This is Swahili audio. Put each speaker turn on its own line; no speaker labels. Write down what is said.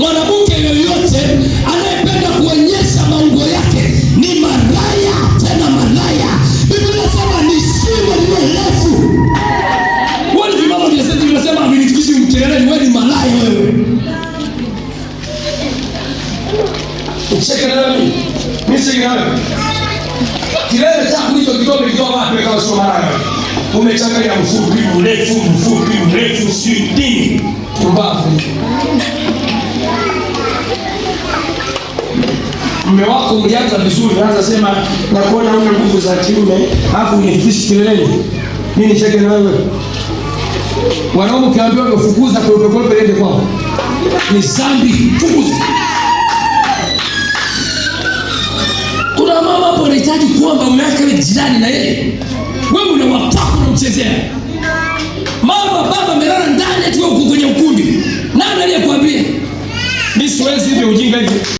Mwanamke yoyote anayependa kuonyesha maungo yake ni malaya, tena malaya. Biblia inasema ni shingo lilirefu. Wale vibao vinasema vinitikishi mkeleleni, wewe ni malaya wewe.
Ucheke na nani? Kilele chako hicho kikombe kitoa wapi kama sio malaya? Umechanganya mfupi mrefu, mfupi mrefu, si nini? Pumbavu. mume wako ulianza vizuri, anza sema na kuona una nguvu za kiume, alafu unifikishi kileleni, mimi nisheke na wewe. Wanaume ukiambiwa umefukuza kwa upekee peleke kwao,
ni zambi, fukuza. Kuna mama hapo anahitaji kuomba mume wake awe jirani na yeye, wewe una na mchezea Mama baba amelala ndani, eti uko kwenye ukumbi. Nani aliyekuambia? Mimi siwezi hivi ujinga hivi.